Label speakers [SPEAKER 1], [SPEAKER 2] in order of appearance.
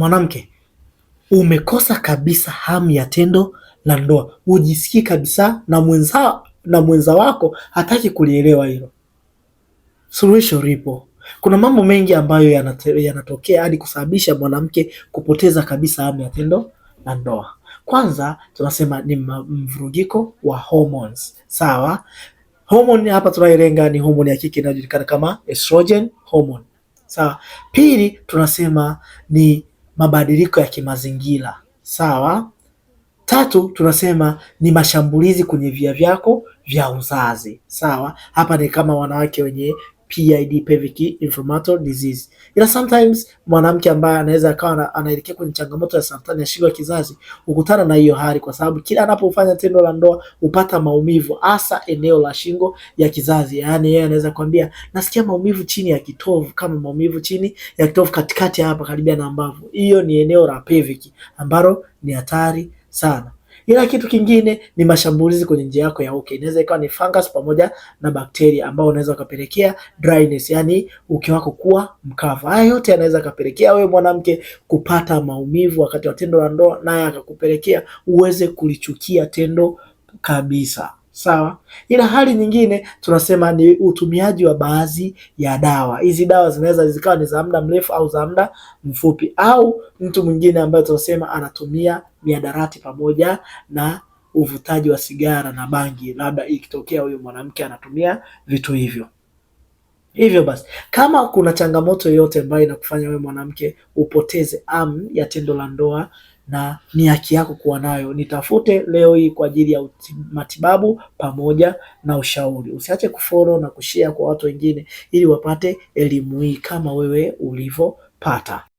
[SPEAKER 1] mwanamke, umekosa kabisa hamu ya tendo la ndoa, ujisikie kabisa na mwenza, na mwenza wako hataki kulielewa hilo. Suluhisho lipo. Kuna mambo mengi ambayo yanatokea hadi kusababisha mwanamke kupoteza kabisa hamu ya tendo la ndoa. Kwanza tunasema ni mvurugiko wa hormones. Sawa, hormone hapa tunailenga ni hormone ya kike inayojulikana kama estrogen hormone. Sawa. Pili tunasema ni mabadiliko ya kimazingira sawa. Tatu, tunasema ni mashambulizi kwenye via vyako vya uzazi sawa. Hapa ni kama wanawake wenye PID pelvic inflammatory disease. Ila sometimes mwanamke ambaye anaweza akawa anaelekea kwenye changamoto ya saratani ya shingo ya kizazi hukutana na hiyo hali, kwa sababu kila anapofanya tendo la ndoa hupata maumivu, hasa eneo la shingo ya kizazi. Yaani yeye anaweza kwambia nasikia maumivu chini ya kitovu, kama maumivu chini ya kitovu, katikati hapa, karibia na mbavu. Hiyo ni eneo la pelvic ambalo ni hatari sana. Ila kitu kingine ni mashambulizi kwenye njia yako ya uke. Inaweza ikawa ni fungus pamoja na bakteria ambao unaweza ukapelekea dryness, yani uke wako kuwa mkavu. Haya yote yanaweza kapelekea wewe mwanamke kupata maumivu wakati wa tendo la ndoa, naye akakupelekea uweze kulichukia tendo kabisa sawa. Ila hali nyingine tunasema ni utumiaji wa baadhi ya dawa. Hizi dawa zinaweza zikawa ni za muda mrefu au za muda mfupi, au mtu mwingine ambaye tunasema anatumia miadarati pamoja na uvutaji wa sigara na bangi, labda ikitokea huyo mwanamke anatumia vitu hivyo. Hivyo basi, kama kuna changamoto yoyote ambayo inakufanya wewe mwanamke upoteze amu ya tendo la ndoa na ni haki yako kuwa nayo, nitafute leo hii kwa ajili ya matibabu pamoja na ushauri. Usiache kufollow na kushare kwa watu wengine, ili wapate elimu hii kama wewe ulivyopata.